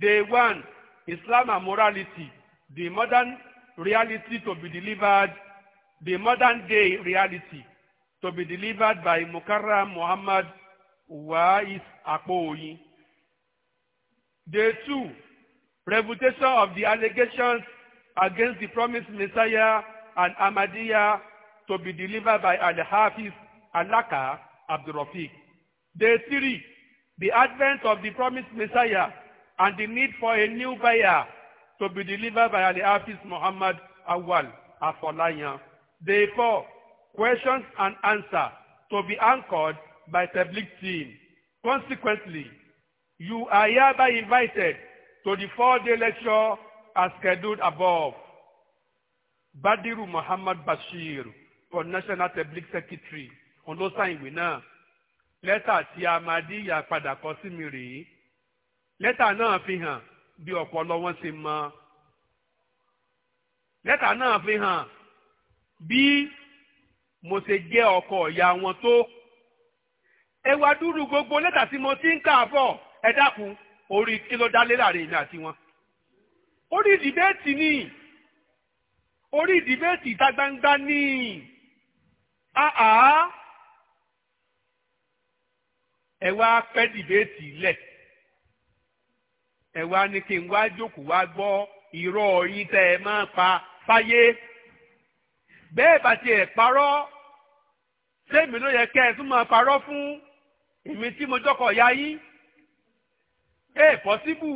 Day one, Islam and morality, the modern reality to be delivered, the modern day reality to be delivered by Mukarram Muhammad Wa'is Akpoyin. Day two, refutation of the allegations against the promised Messiah and Ahmadiyya to be delivered by Al-Hafiz Alaka Abdurrafiq. Day three, the advent of the promised Messiah and the need for a new buyer to be delivered by Al-Hafiz Muhammad Awal Afolayan. Therefore, questions and answers to be anchored by the public team. Consequently, you are hereby invited to the four-day lecture as scheduled above. Badiru Muhammad Bashir for National Public Secretary, Ondosa Iwe náà. Lẹ́tà tí Amadi yà padà kọ sí mi rèé lẹ́tà náà fi hàn bí ọpọlọ wọn ṣe mọ lẹ́tà náà fi hàn bí mo ṣe jẹ́ ọkọ ìyá wọn tó ẹ wá dúró gbogbo lẹ́tà tí mo ti ń kà bọ̀ ẹ dákun orí kí ló dá lé láàrin èmi àti wọn orí dìbẹ́ẹ̀tì ni orí dìbẹ́ẹ̀tì ìta gbangba ni àá pẹ́ dìbẹ́ẹ̀tì lẹ̀ ẹ wá ní kí n wá jókòó wá gbọ́ irọ́ yín tẹ́ ẹ máa pa fáyé bẹ́ẹ̀ bá tiẹ̀ parọ́ sẹ́mi ló yẹ kẹ́ ẹ tún máa parọ́ fún èmi tí mo jọ́kọ̀ ya yín ẹ pọ́síbù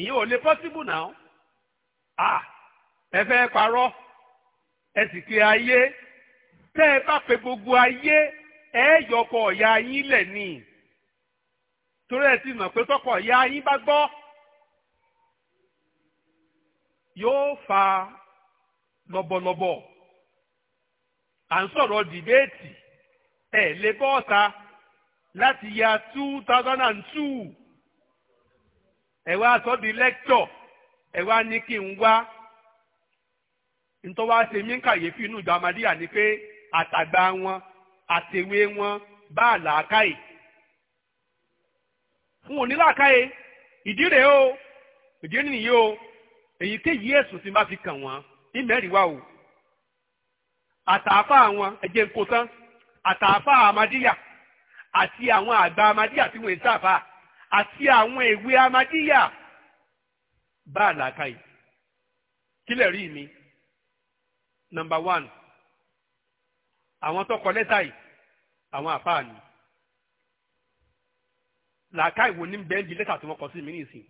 ìyẹn ò lè pọ́síbù náà à ẹ fẹ́ parọ́ ẹ sì kí ayé tẹ́ ẹ bá pe gbogbo ayé ẹ yọkọ̀ ọ̀ya yín lẹ̀ nìyí torí ẹ ti mọ̀ pé tọkọ ìyá yín bá gbọ́ yóò fa lọ́bọ̀lọ́bọ̀ à ń sọ̀rọ̀ dìbéètì ẹ̀ lè bọ́ ọ̀ta láti ya two thousand and two ẹ̀ wá sọ di lẹ́kítọ̀ ẹ̀ wá ní kí n wá ntọ́wá ṣe mí kàyéfì inú ìjọ amadíyà ni pé àtàgbà wọn àtẹ̀wé wọn bá àlàákàyè n ò ní làákàyè ìdí rèé o ìdí nìyí o èyíkéyìí ẹ̀sùn tí n bá fi kàn wọ́n ìmẹ́rìí wá o àtàáfà àwọn ẹ̀jẹ̀ ń tán àtàáfà amadíyà àti àwọn àgbà amadíyà tí wọ́n ń sàfà àti àwọn èwe amadíyà bá a làákàyè kílẹ̀ rí mi number one àwọn tó kọ lẹ́tà yìí àwọn àfáà ni. làákà ìwò ní bẹ́ẹ̀ di lẹ́tà tí wọ́n kọ sí mi nìsín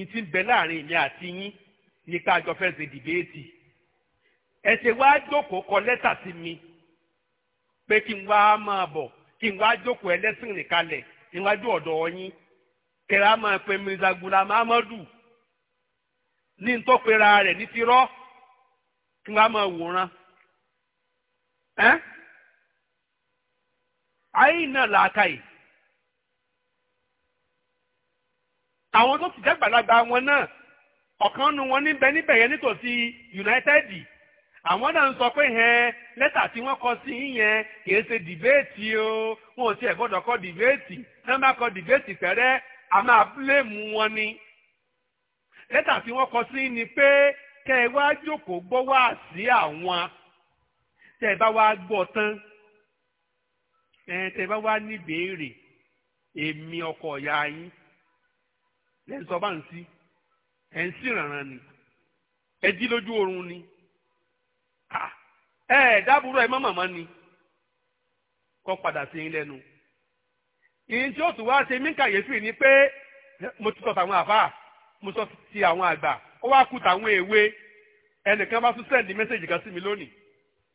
ìtì ń bẹ láàrin èmi àti yín nípa àjọ fẹ́ ṣe dìbéètì ẹ ṣe wá jókòó kọ lẹ́tà sí mi pé kí n wá máa bọ̀ kí n wá jókòó ẹlẹ́sìn rìn kalẹ̀ níwájú ọ̀dọ̀ yín kẹrẹ máa pe Mirza Ghulam Ahmadu ní n tó pera rẹ̀ ní ti rọ́ kí n wá máa wòran ẹ́ ayé náà làákà yìí. àwọn tó ti dàgbàlagbà wọn náà ọ̀kan nu wọn níbẹ̀ níbẹ̀ yẹn nítòsí United àwọn náà ń sọ pé hẹn lẹ́tà tí wọ́n kọ sí yẹn kìí ṣe dìbéètì o wọn ò tiẹ̀ gbọ́dọ̀ kọ dìbéètì náà bá kọ dìbéètì pẹ̀rẹ́ a máa bílèmù wọn ni lẹ́tà tí wọ́n kọ sí ni pé kẹ́ ẹ wá jókòó gbọ́ wá sí àwọn tẹ́ ẹ bá wá gbọ́ tán ẹ tẹ́ ẹ bá wá níbèérè èmi ọkọ ìyá yín lẹ́ ń sọ bá ń sí ẹ̀ ń sí rànran ni ẹ jí lójú oorun ni ẹ ẹ dábúrò ẹ má màmá ni kọ́ padà sí yín lẹ́nu ìyẹn tí ó tún wá ṣe mí kàyéfì ni pé mo ti sọ tàwọn àfáà mo sọ ti àwọn àgbà ó wá kú tàwọn èwe ẹnìkan bá tún sẹ́ndì mẹ́sẹ̀jì kan sí mi lónìí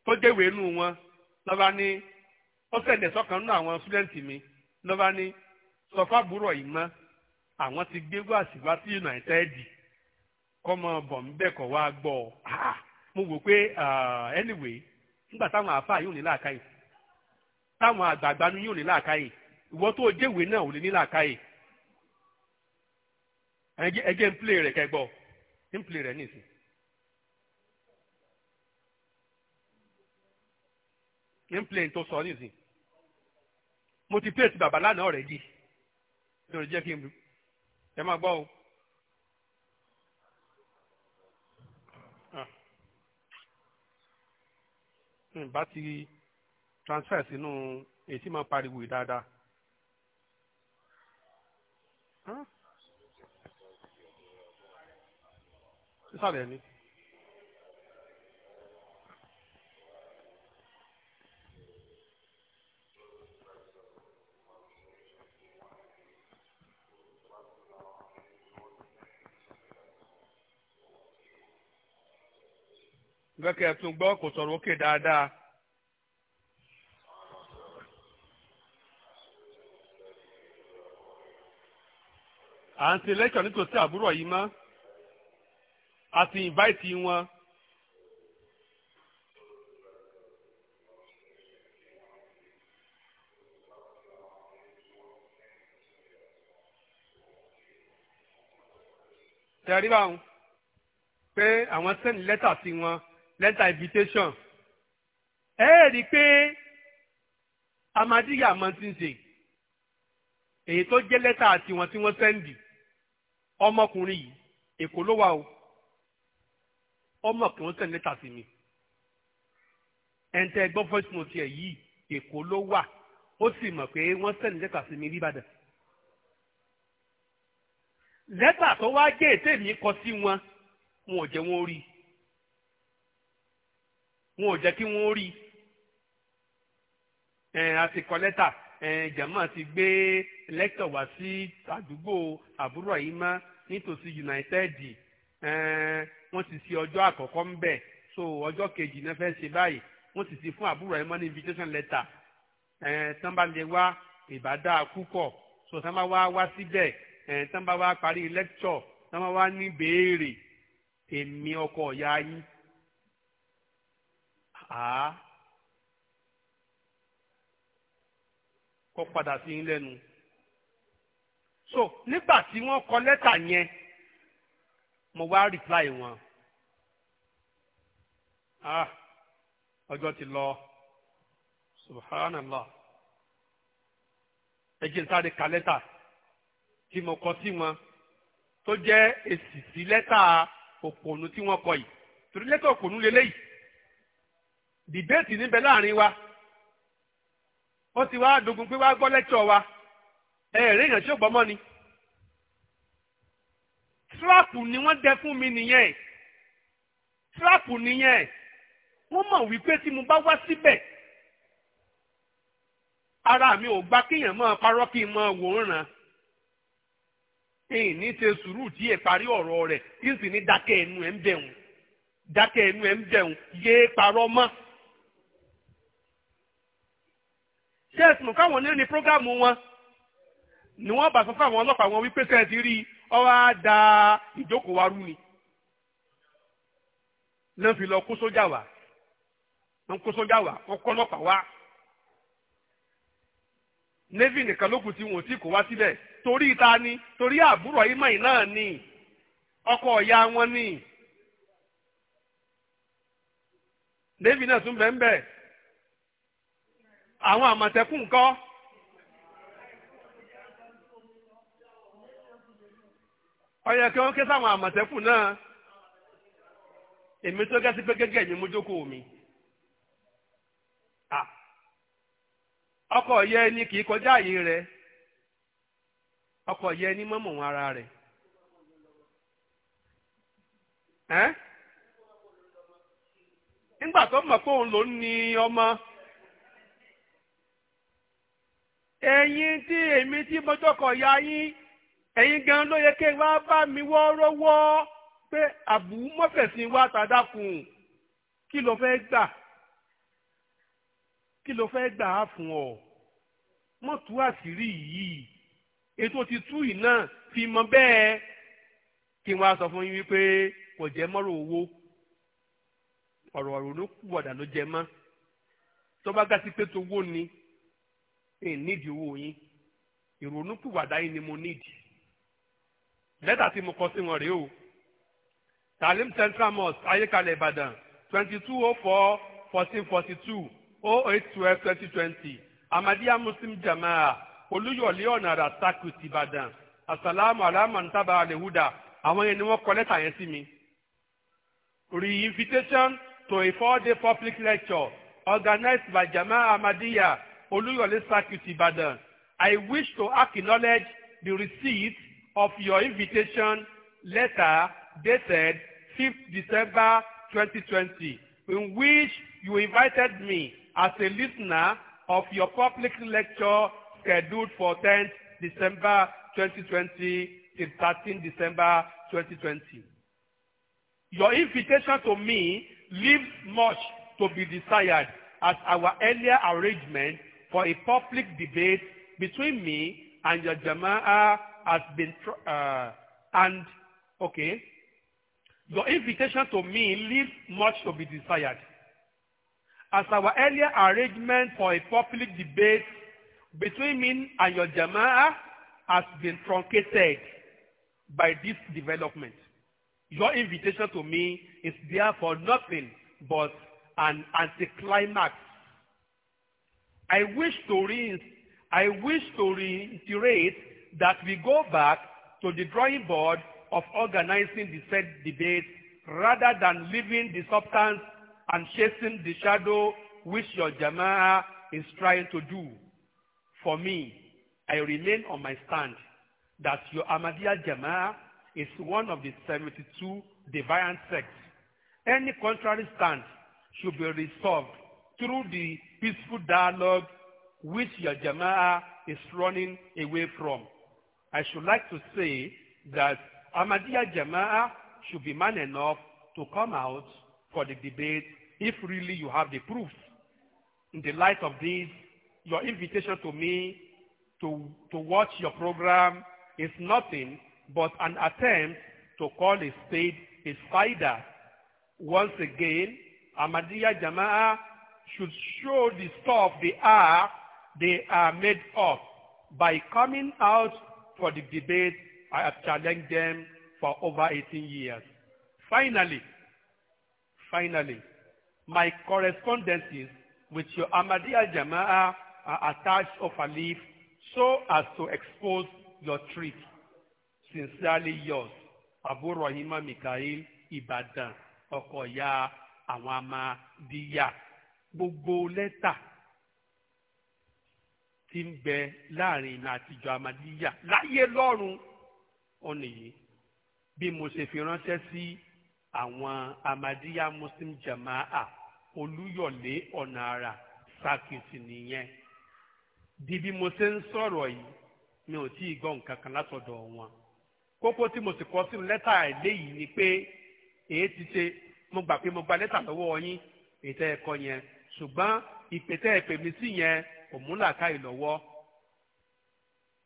tó jẹ́ ìwé wọn lọ́ba ní ó sẹ́ndì ẹ̀sọ́ nínú àwọn súlẹ́ǹtì mi lọ́ba ní sọ fábùrọ̀ yìí mọ́ àwọn ti gbé wàásì sí united kọ́mọ bọ̀ ń bẹ̀ mo wò pé anyway nígbà táwọn àáfàá yóò ní làákàyè táwọn àgbààgbà ni yóò ní làákàyè ìwọ tó jẹ́wèé náà ò lè ní làákàyè ẹgẹ́ ń plé rẹ̀ kẹgbọ́ ń plé rẹ nìsín. ń tó sọ mo ti plé ti bàbá di ẹ máa gbọ́ o. Ah. bá ti transfer sínú èyí tí máa pariwo dáadáa. Ah. sísàlẹ̀ ni. gbẹ́kẹ̀ ẹ̀tún gbọ́ kò sọ̀rọ̀ òkè dáadáa. à ń ṣe lẹ́kọ̀ọ́ nítòsí àbúrò yìí mọ́ a ti invite wọn. tẹ̀rí báwọn pé àwọn sẹ́ni lẹ́tà sí wọn. lẹ́tà invitation ẹ ẹ́ rí i pé amadiya mọ́tíǹsì èyí tó jẹ́ lẹ́tà tiwọn tí wọ́n sẹ́ndì ọmọkùnrin yìí èkó ló wà o ọmọkùnrin sẹ́ndì lẹ́tà sí mi ẹ̀ǹtẹ̀ gbọ́ voice note ẹ̀ yìí èkó ló wà ó sì mọ̀ pé wọ́n sẹ́ndì lẹ́tà sí mi nìbàdàn lẹ́tà tó wá jẹ́ ètè mi kọ sí wọn wọn ò jẹ́ wọn rí i wọn ò jẹ́ kí wọ́n rí àti kọ́lẹ́tà jama ti gbé lẹ́tọ̀ wá sí àdúgbò àbúrò yìí mọ́ nítòsí United wọ́n ti ṣe ọjọ́ àkọ́kọ́ ń bẹ̀ so ọjọ́ kejì náà fẹ́ ṣe báyìí wọ́n sì ti fún àbúrò ẹ̀ mọ́ ní invitation letter ẹ̀ẹ́n tán bá so tán bá wá wá síbẹ̀ ẹ̀ẹ́n tán bá wá parí lecture tán ní béèrè èmi ọkọ ìyá yín á kó padà sí yín lẹ́nu. so nígbà tí wọ́n kọ lẹ́tà yẹn mo wá reply wọn. ah ọjọ́ ti lọ subhanallah ẹ jẹ́ n sáré ka lẹ́tà tí mo kọ sí wọn tó jẹ́ èsì sí lẹ́tà òpònú tí wọ́n kọ yìí torí lẹ́tà òpònú lélẹ́yìí. dìbéètì níbẹ̀ láàrin wa wọ́n ti wá dogun pé wá gbọ́ lẹ́kṣọ̀ wa ẹ̀ẹ́rẹ́ èèyàn tí ò gbọ́mọ́ ni tíráàpù ni wọ́n dẹ fún mi nìyẹn tíráàpù nìyẹn wọ́n mọ̀ wípé tí mo bá wá síbẹ̀ ara mi ò gbà kéèyàn máa parọ́ kí n máa wò ó ràn ní ṣe sùúrù tí ẹ parí ọ̀rọ̀ rẹ̀ kí n sì ní dákẹ́ ẹnu ẹ̀ ń bẹ̀ bẹ̀rù dákẹ́ ẹnu ẹ̀ ń bẹ̀rù yéé parọ́ mọ́. ṣẹ́ẹ̀sì mọ̀ káwọn onírin ní wọn ni wọ́n bá sọ fún àwọn ọlọ́pàá wọn wípé sẹ́ẹ̀tì rí ọwọ́ á ìjókòó wa rú ni lọ́n fi lọ kó sójà wọn ò tí kó wá síbẹ̀ torí ìta ni torí àbúrò ìmọ̀yìn náà ni ọkọ wọn ni náà tún bẹ́ẹ̀ àwọn àmọ̀tẹ́kùn kọ́. ọyọ yẹ kí wọ́n ké sáwọn àmọ̀tẹ́kùn náà èmi tó gẹ́sí pé gẹ́gẹ́ ẹ̀yìn mójókòó mi. ọkọ̀ yẹ kì í kọjá àyè ara nígbà tó mọ̀ pé eyin tí èmi tí mọ́jọ́kọ̀ ya yín eyin gan ló yẹ kí wá bá mi wọ́ọ́rọ́wọ́ pé àbú mọ́fẹ̀sìn wá tàdákùn kí ló gbà kí ló gbà á fún ọ mọ́ àṣírí yìí ètò ti tú yìí fi mọ kí wọ́n á sọ fún yín wípé kò jẹ́ mọ́rọ̀ owó ọ̀rọ̀ ọ̀rọ̀ ló kú ọ̀dà ló jẹ mọ́ tó bá pé ìnídìí owó yín ìrònúpìwàdà yín ni mo nídìí lẹ́tà tí mo kọ sí wọn rèé o talim central mosque ayékalẹ̀ ìbàdàn twenty two oh four fourteen forty two oh eight twelve twenty twenty amadiya muslim jamaa olúyọ̀lé ọ̀nà àrà sákùtì ìbàdàn asalaamu alaama ntaba alehuda àwọn yẹn ni wọ́n kọ lẹ́tà yẹn sí mi. re-invitation to a four-day public lecture organized by jamaa amadiya Oluyole Circuit Ibadan, I wish to acknowledge the receipt of your invitation letter dated 5th December 2020, in which you invited me as a listener of your public lecture scheduled for 10th December 2020 till 13th December 2020. Your invitation to me leaves much to be desired as our earlier arrangement for a public debate between me and your jama'ah has been uh, and okay your invitation to me leaves much to be desired as our earlier arrangement for a public debate between me and your jama'ah has been truncated by this development your invitation to me is therefore nothing but an anticlimax I wish to re I wish to reiterate that we go back to the drawing board of organizing the said debate rather than leaving the substance and chasing the shadow which your Jamaa is trying to do. For me, I remain on my stand that your Ahmadiyya Jamaa is one of the 72 deviant sects. Any contrary stand should be resolved through the peaceful dialogue which your jamaa is running away from. I should like to say that Ahmadiyya Jamaa should be man enough to come out for the debate if really you have the proof. In the light of this, your invitation to me to, to watch your program is nothing but an attempt to call a spade a spider. Once again, Ahmadiyya Jamaa should show the stuff they are they are made of by coming out for the debate I have challenged them for over 18 years. Finally, finally, my correspondences with your Ahmadiyya Jama'ah are attached of a leaf so as to expose your trick. Sincerely yours, Abu Rahima Mikhail Ibadan, Okoya Awama Diya gbogbo lẹ́tà tí ń bẹ láàrin ìlà àtijọ́ amadíyà láyé lọ́run ọ̀nà yìí bí mo ṣe fi ránṣẹ́ sí àwọn amadíyà muslim jama'a olúyọ̀lé ọ̀nà àrà sákìtì nìyẹn di bí mo ṣe ń sọ̀rọ̀ yìí mi ò tí ì gbọ́ nǹkan kan látọ̀dọ̀ wọn kókó tí mo sì kọ sínú lẹ́tà eléyìí ni pé èyí ti ṣe mo gbà pé mo gba lẹ́tà lọ́wọ́ yín èyí tẹ́ ẹ kọ yẹn ṣùgbọ́n ìpètẹ́ ìpè mi sí yẹn kò mú làákàyè lọ́wọ́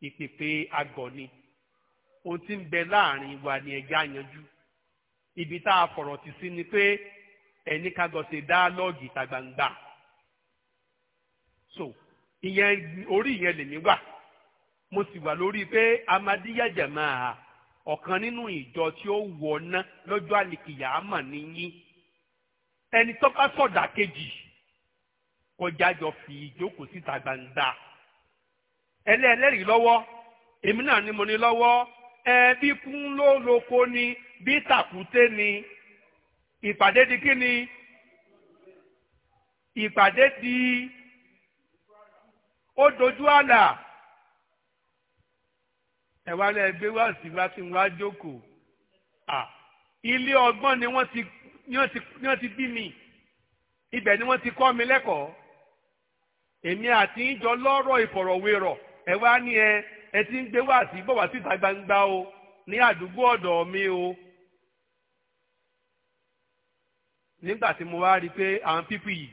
ìpèpè agọ̀ ni ohun tí ń bẹ láàrin wa ni ẹja yanjú ibi tá a fọ̀rọ̀ tì sí ni pé ẹni kagọ̀ ṣe dáálọ́ọ̀gì ìta gbangba so ìyẹn orí ìyẹn lèmi wà mo sì wà lórí pé Ahmadiyya Jama'ah ọ̀kan nínú ìjọ tí ó wọ̀ ná lọ́jọ́ àlìkìyà àmọ̀ nìyí ẹni tó sọ̀dà kejì kọjá jọ fi ìjókòó síta gbangba ẹlẹ́ẹ̀lẹ́rìí lọ́wọ́ èmi náà ni mo ní lọ́wọ́ ẹbí kún ló lóko ni bí tàkúté ni ìpàdé di kí ni ìpàdé di ó dojú àlà ẹ̀wá lẹ́ gbé wá sí wá sí wá jókòó ilé ọgbọ́n ni wọ́n ti bí mi ibẹ̀ ni wọ́n ti kọ́ mi lẹ́kọ̀ọ́. èmi àti ìjọ lọ́rọ̀ ìfọ̀rọ̀wérọ̀ ẹ wá ní ẹ ẹ ti ń gbé wá sí bọ̀ síta gbangba o ní àdúgbò ọ̀dọ̀ mi o. nígbà tí mo wá rí i pé àwọn pípì yìí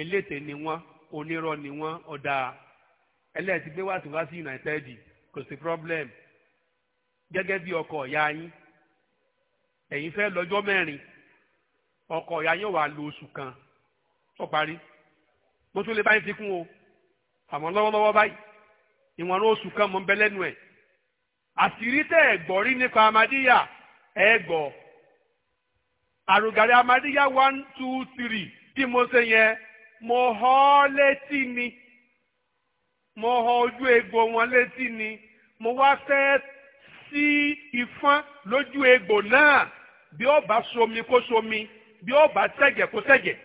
elétè ni wọ́n onírọ́ ni wọ́n ọ̀dà ẹlẹ́ẹ̀tì gbé wá sí wá sí United kò sí problem gẹ́gẹ́ bí ọkọ̀ ìyá yín ẹ̀yin fẹ́ lọ́jọ́ mẹ́rin ọkọ ìyá yín wà lóṣù kan ó parí. So mo tún lè báyìí fi kún o àmọ́ lọ́wọ́lọ́wọ́ báyìí ìwọ̀n oṣù kan mọ̀ ń lẹ́nu ẹ̀ àṣírí tẹ́ ẹ̀ rí nípa amadíyà ẹ̀ àrògàrí amadíyà one two three tí mo ṣe yẹn mo họ́ létí ni mo họ ojú egbò wọn létí ni mo wá fẹ́ sí ìfọ́n lójú egbò náà bí ó bá somi kó somi bí ó bá tẹ̀jẹ̀ kó tẹ̀jẹ̀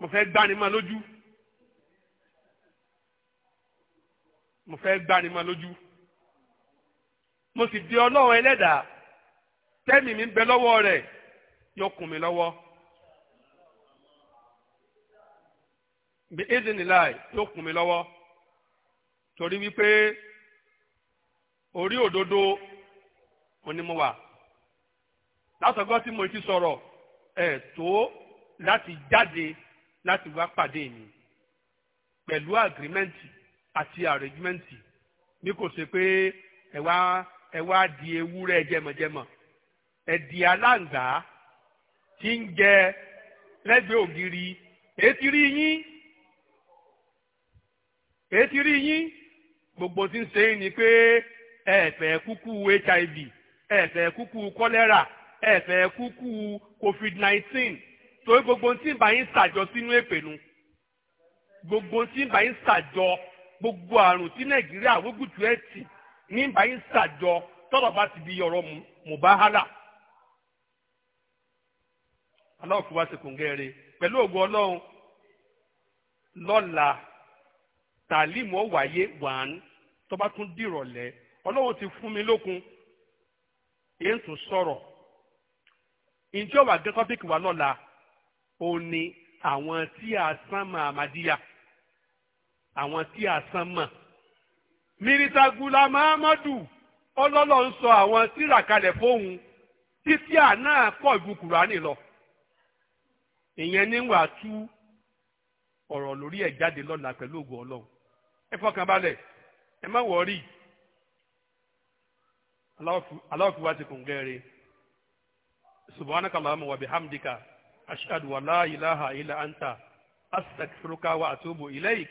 mo fẹ́ gbani ma lójú mo fẹ́ gbani ma lójú mo sì di ọlọ́run ẹlẹ́dàá tẹ́mi mi ń bẹ lọ́wọ́ rẹ̀ yọkùn mi lọ́wọ́ bí ezenilai yọkùn mi lọ́wọ́ torí wípé orí òdodo onímọ̀wà látọ̀gọ́ tí mo ti sọ̀rọ̀ ẹ̀ tó láti jáde láti wá pàdé mi pẹ̀lú àgírímẹ́ǹtì àti àrẹ́gímẹ́ǹtì bí kò ṣe pé ẹ wá ẹ wá di ewúrẹ́ jẹmọ̀jẹmọ̀ ẹ di aláǹgbá tí ń jẹ lẹ́gbẹ̀ẹ́ ògiri ètí rí yín ètí rí yín gbogbo tí ń ṣe é ni pé ẹ̀fẹ̀ kúkú hiv ẹ̀fẹ̀ kúkú kọ́lẹ́rà ẹ̀fẹ̀ kúkú covid nineteen torí gbogbo tí ń bá yín ṣàjọ sínú èpè nu gbogbo tí ń bá yín ṣàjọ gbogbo àrùn tí nàìjíríà wógùtù ẹ̀ tì ní bá yín ṣàjọ tọ́lọ̀ bá ti di ọ̀rọ̀ mùbáhálà. aláwọ̀ kí wá sí kòǹgẹ́rẹ́ pẹ̀lú ògùn ọlọ́run lọ́la tàlímù ó wáyé wàn tó tún dìrọ̀lẹ́ ọlọ́run ti fún mi lókun èyí tún sọ̀rọ̀ ǹjẹ́ wàá gẹ́ tọ́pìkì wa lọ́la ó ní àwọn tí a sán mọ́ àmàdíyà àwọn tí a sán mọ́ miritagula mahamadu ọlọ́lọ́ ń sọ àwọn tírà kalẹ̀ fóun títí àná pọ̀ ju kùránì lọ ìyẹn níwàá tú ọ̀rọ̀ lórí ẹ̀ jáde lọ́la pẹ̀lú ògo ọlọ́run ẹ fọkàn balẹ̀ ẹ má wọrí aláwọ̀ fi wá ti kùn gẹ́rẹ́ subhanakallahumma wa bihamdika. أشهد ولا إله إلا أنت أستغفرك وأتوب إليك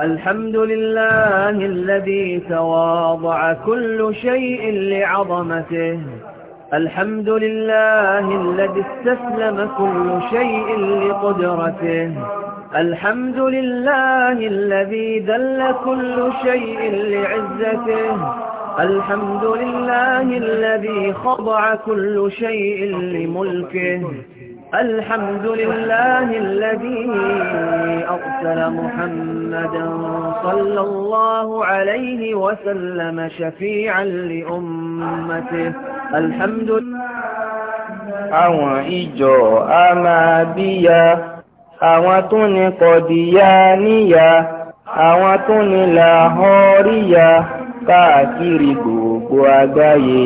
الحمد لله الذي تواضع كل شيء لعظمته الحمد لله الذي استسلم كل شيء لقدرته الحمد لله الذي دل كل شيء لعزته الحمد لله الذي خضع كل شيء لملكه الحمد لله الذي أرسل محمدا صلى الله عليه وسلم شفيعا لأمته الحمد لله àwọn tó ní kọ̀díyá níyà àwọn tó ní làhọ́ríyà káàkiri gbogbo àgbáyé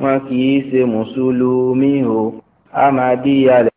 wọn kì í ṣe mùsùlùmí o amadíyà